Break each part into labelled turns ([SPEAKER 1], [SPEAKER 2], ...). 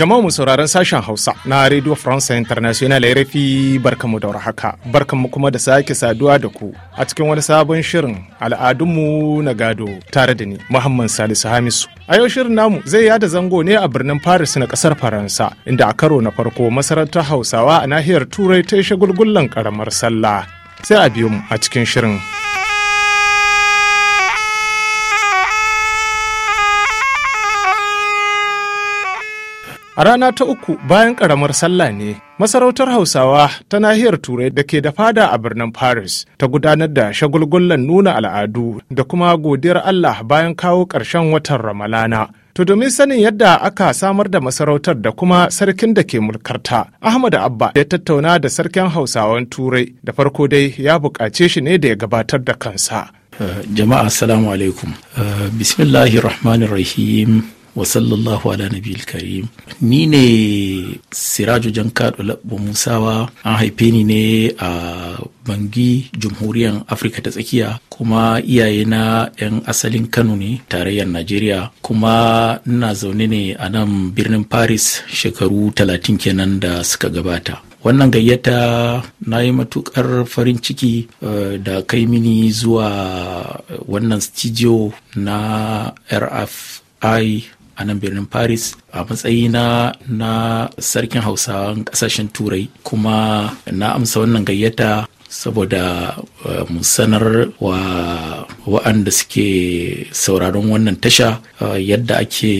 [SPEAKER 1] Jama'a mu sauraron sashen Hausa na Radio France International RFI barkamu da warhaka. Barkamu kuma da sake saduwa da ku a cikin wani sabon shirin al'adun mu na gado tare da ni Muhammad Salisu Hamisu. A yau shirin namu zai yada zango ne a birnin Paris na kasar Faransa inda a karo na farko masarautar Hausawa a nahiyar Turai ta yi shagulgullan karamar sallah. Sai a biyo mu a cikin shirin. A rana ta uku bayan ƙaramar sallah ne, masarautar Hausawa ta nahiyar Turai da ke da fada a birnin Paris ta gudanar da shagulgullan nuna al'adu da kuma godiyar Allah bayan kawo ƙarshen watan Ramalana. To domin sanin yadda aka samar da masarautar da kuma sarkin da ke mulkarta, Ahmad Abba ya tattauna da sarkin Hausawan Turai da farko dai ya buƙace shi ne da ya gabatar da kansa.
[SPEAKER 2] Jama'a salamu alaikum. Bismillahirrahmanirrahim. Wasallallahu ala nabi karim ni ne siraju kaɗo labbo musawa an haife ni ne a bangi jamhuriyar afirka ta tsakiya kuma iyaye na 'yan asalin kano ne tarayyar najeriya kuma ina zaune ne a nan birnin paris shekaru talatin kenan da suka gabata wannan gayyata na yi matukar farin ciki eh, da kai mini zuwa eh, wannan studio na rfi a nan birnin paris a matsayina na sarkin hausawan kasashen turai kuma na amsa wannan gayyata saboda eh, mu sanar wa wa'anda suke sauraron wannan tasha eh, yadda ake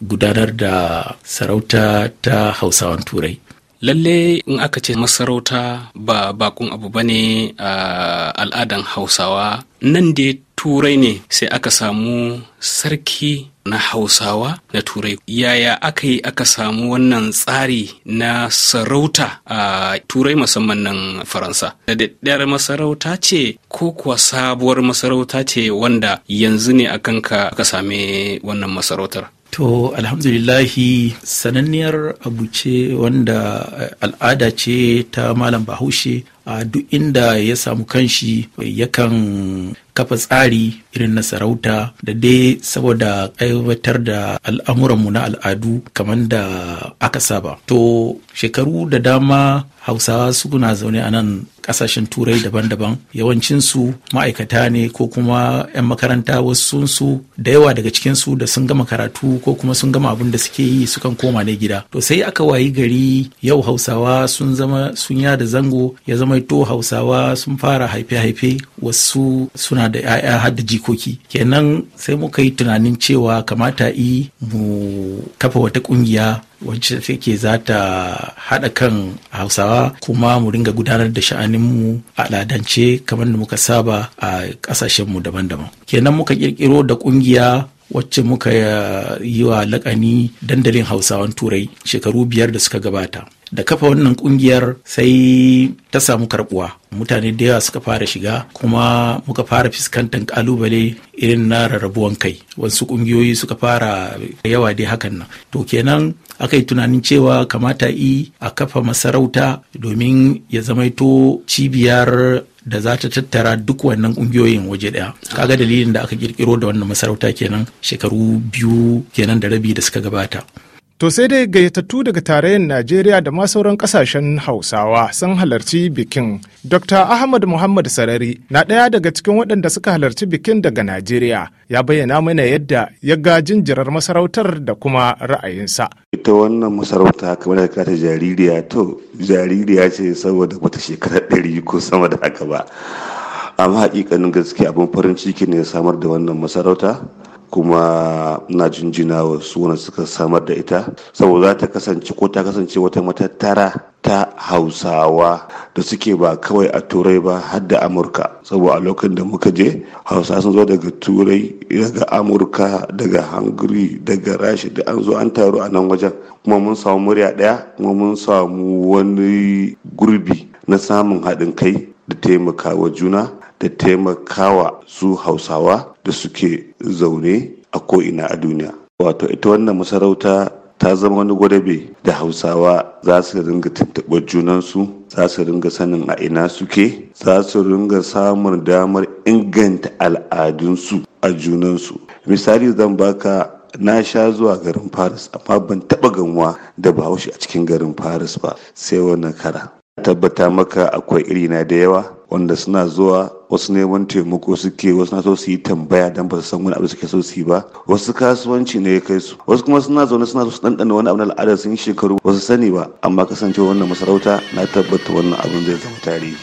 [SPEAKER 2] gudanar da sarauta ta hausawan turai
[SPEAKER 3] lalle in aka ce masarauta ba bakun abu ba ne a eh, al'adan hausawa nan dai turai ne sai aka samu sarki na hausawa na turai yaya aka yi aka samu wannan tsari na sarauta a turai musamman nan faransa da daddiyar masarauta ce ko kuwa sabuwar masarauta ce wanda yanzu ne a kanka aka same wannan masarautar
[SPEAKER 2] To alhamdulillahi sananniyar abu ce wanda eh, al'ada ce ta malam bahaushe a duk inda ya samu kanshi yakan kafa tsari irin na sarauta da dai saboda aiwatar da al'amuranmu na al'adu kamar da aka saba to shekaru da dama hausawa suna zaune a nan kasashen turai daban-daban yawancinsu ma'aikata ne ko kuma 'yan makaranta wasu su da yawa daga cikinsu da sun gama karatu ko kuma sun gama abin da suke yi sukan koma ne gida to sai aka wayi gari yau hausawa sun zama sun yada zango ya zama to hausawa sun fara haife-haife wasu suna da 'ya'ya har da jikoki kenan sai muka yi tunanin cewa kamata yi mu kafa wata kungiya wacce take za ta haɗa kan hausawa kuma mu ringa gudanar da sha'aninmu a al'adance kamar da muka saba a ƙasashenmu daban-daban kenan muka ƙirƙiro da ƙungiya wacce muka eh, yi wa laƙani dandalin hausawan turai shekaru biyar da suka gabata da kafa wannan kungiyar sai ta samu karbuwa mutane da yawa suka fara shiga kuma muka fara fuskantar kalubale irin na rarrabuwan kai wasu kungiyoyi suka fara yawa dai hakan nan to kenan aka yi tunanin cewa kamata i a kafa masarauta domin ya zamaito cibiyar da za ta tattara duk wannan kungiyoyin waje daya kaga dalilin da aka kirkiro da wannan masarauta kenan shekaru biyu kenan da rabi da suka gabata
[SPEAKER 1] To sai dai gayyatattu daga tarayyar Najeriya da ma sauran kasashen Hausawa sun halarci bikin. Dr. Ahmad Muhammad Sarari na ɗaya daga cikin waɗanda suka halarci bikin daga Najeriya ya bayyana mana yadda ya ga jinjirar masarautar da kuma ra'ayinsa.
[SPEAKER 4] Ita wannan masarauta kamar da kata jaririya to jaririya ce saboda wata shekara ɗari ko sama da haka ba. Amma haƙiƙanin gaske abin farin ciki ne samar da wannan masarauta. kuma na jinjina wa suna suka samar da ita saboda za ta kasance ko ta kasance wata matattara ta hausawa da suke ba kawai a turai ba har da amurka saboda a lokacin da muka je hausa sun zo daga turai daga amurka daga hungary daga rashi da an zo an taru a nan wajen kuma mun samu murya daya kuma mun samu wani gurbi na samun haɗin kai da taimaka wa juna da taimakawa su hausawa da suke zaune a ko'ina a duniya wato ita wannan masarauta ta zama wani gwadabe da hausawa za su ringa tuntuɓar junansu za su ringa sanin a ina suke za su ringa samun damar inganta al'adunsu a junansu misali zan baka na sha zuwa garin paris amma ban taɓa ganwa da bahaushe a cikin garin paris ba sai wannan kara tabbata maka akwai irina da yawa wanda suna zuwa wasu neman taimako suke wasu na so su yi tambaya dan ba su san wani abu suke so su yi ba wasu kasuwanci ne ya kai su wasu kuma suna zaune suna so su ɗanɗana wani abu na al'ada sun yi shekaru ba sani ba amma kasance wannan masarauta na tabbata wannan abin zai zama tarihi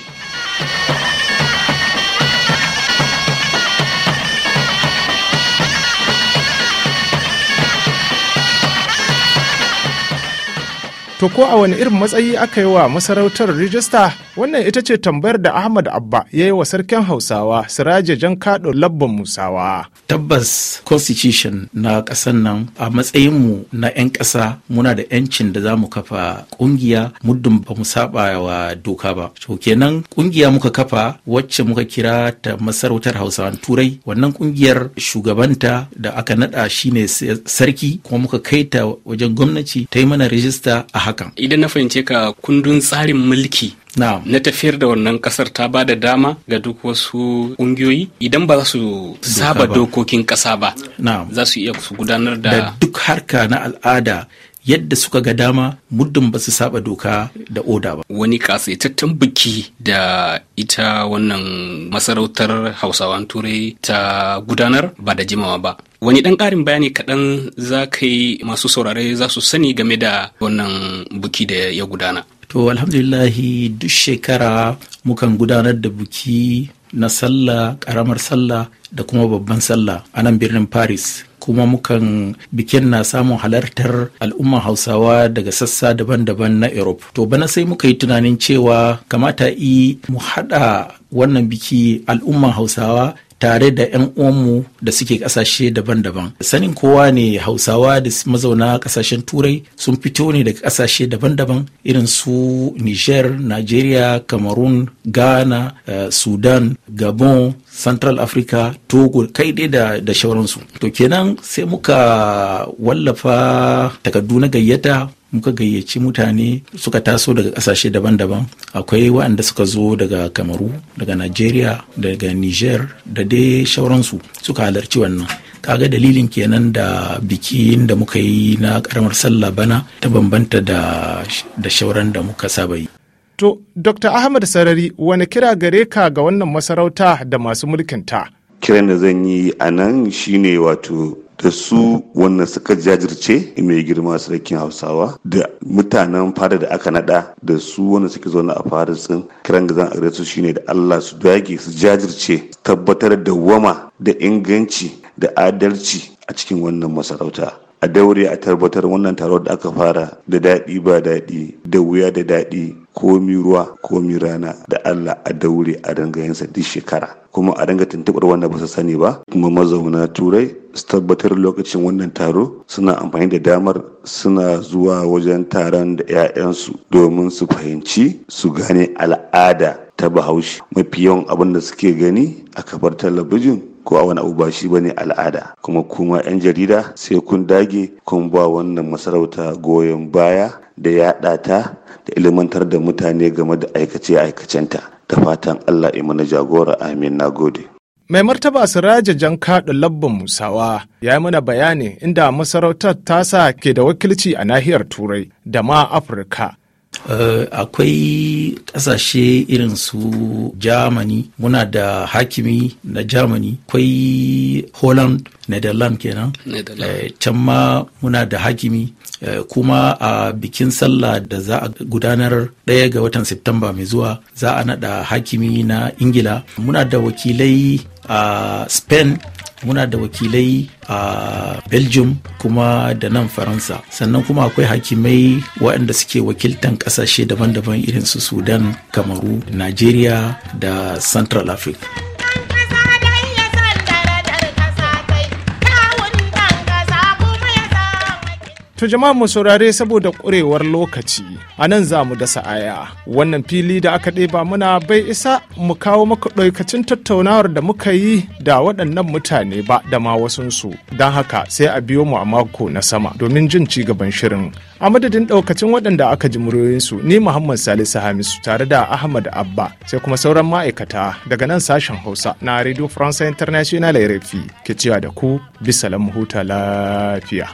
[SPEAKER 1] To ko a wani irin matsayi aka yi wa masarautar rijista Wannan ita ce tambayar da Ahmad Abba ya yi wa
[SPEAKER 2] sarkin Hausawa Siraje Jan Kado Labban Musawa. Tabbas Constitution na ƙasar nan a matsayinmu na 'yan ƙasa muna da 'yancin da za mu kafa ƙungiya muddin ba mu saba wa doka ba. To kenan ƙungiya muka kafa wacce muka kira ta masarautar Hausawan Turai wannan ƙungiyar shugabanta da aka naɗa shine sarki kuma muka kai ta wajen gwamnati ta yi mana rijista a hakan. Idan na
[SPEAKER 3] fahimce ka kundin tsarin mulki na tafiyar da wannan kasar ta ba da dama ga duk wasu ƙungiyoyi idan ba za su saba dokokin ƙasa ba za su iya su gudanar da
[SPEAKER 2] duk harka na al'ada yadda suka ga dama muddin ba su saba doka da oda ba. Wani kasaitaccen biki
[SPEAKER 3] da
[SPEAKER 2] ita wannan
[SPEAKER 3] masarautar Hausawan Turai ta gudanar ba da jimawa ba. Wani dan ƙarin bayani kaɗan za ka yi masu saurare za su sani game da wannan buki da ya gudana.
[SPEAKER 2] To alhamdulillahi duk shekara mukan gudanar da buki na sallah karamar sallah da kuma babban sallah a nan birnin paris kuma mukan bikin na samun halartar al'umman hausawa daga sassa daban-daban na europe to bana sai muka yi tunanin cewa kamata i mu haɗa wannan biki al'umman hausawa tare da 'yan uwanmu da suke kasashe daban-daban sanin kowa ne hausawa da mazauna kasashen turai sun fito ne daga kasashe daban-daban irin su niger nigeria cameroon ghana uh, sudan gabon central africa togo kai dai da, da shauransu to kenan sai muka wallafa takardu na gayyata muka gayyaci mutane suka taso daga kasashe daban-daban akwai waɗanda suka zo daga kamaru daga nigeria daga niger da dai shauransu suka halarci wannan kaga dalilin kenan da bikin da muka yi na karamar sallah bana ta bambanta da da shauran da muka saba yi
[SPEAKER 1] to dr ahmad sarari wani kira gare ka ga wannan masarauta da masu mulkinta
[SPEAKER 4] kiran da zan yi a nan shine wato da su wannan suka jajirce mai girma sarkin hausawa da mutanen fada da aka nada da su suka suke zaune a faris din kiran gazan a su shine da allah su dage su jajirce tabbatar da wama da inganci da adalci a cikin wannan masarauta a daure a tabbatar wannan taron da aka fara da daɗi ba daɗi da wuya da daɗi ko mi ruwa ko mi rana da allah a daure a dinga duk shekara kuma a dinga tuntuɓar wanda ba su sani ba kuma mazauna turai tabbatar lokacin wannan taro suna amfani da damar suna zuwa wajen taron da 'ya'yansu domin su fahimci su gane al'ada ta bahaushe mafi yawan abin da suke gani a kafar talabijin ko a wani abu ba shi bane al'ada kuma kuma 'yan jarida sai kun dage kun ba wannan masarauta goyon baya da yaɗa ta da ilimantar da mutane game da aikace-aikacenta da fatan allah imana jagora amin na gode
[SPEAKER 1] Mai martaba Siraja kaɗa Labban Musawa ya yi mana bayani inda masarautar tasa ke da wakilci a nahiyar Turai da ma Afirka.
[SPEAKER 2] Uh, akwai ƙasashe irin su Germany muna da hakimi na Germany akwai Holland Netherlands kenan
[SPEAKER 3] eh,
[SPEAKER 2] can ma muna da hakimi uh, kuma a bikin sallah da za a gudanar ɗaya ga watan Septemba mai zuwa za a naɗa hakimi na Ingila muna da wakilai a spain muna da wakilai a belgium kuma da nan faransa sannan kuma akwai hakimai waɗanda suke wakiltan ƙasashe daban-daban irin su sudan kamaru nigeria da central africa
[SPEAKER 1] To jama'a mu saurare saboda ƙurewar lokaci a nan za mu dasa aya. Wannan fili da aka ɗeba muna bai isa mu kawo maka ɗaukacin tattaunawar da muka yi da waɗannan mutane ba da ma wasunsu. Don haka sai a biyo mu a mako na sama domin jin ci gaban shirin. A madadin ɗaukacin waɗanda aka ji muryoyinsu ni Muhammad Salisu Hamisu tare da Ahmad Abba sai kuma sauran ma'aikata daga nan sashen Hausa na Radio France International RFI ke cewa da ku bisa lamu huta lafiya.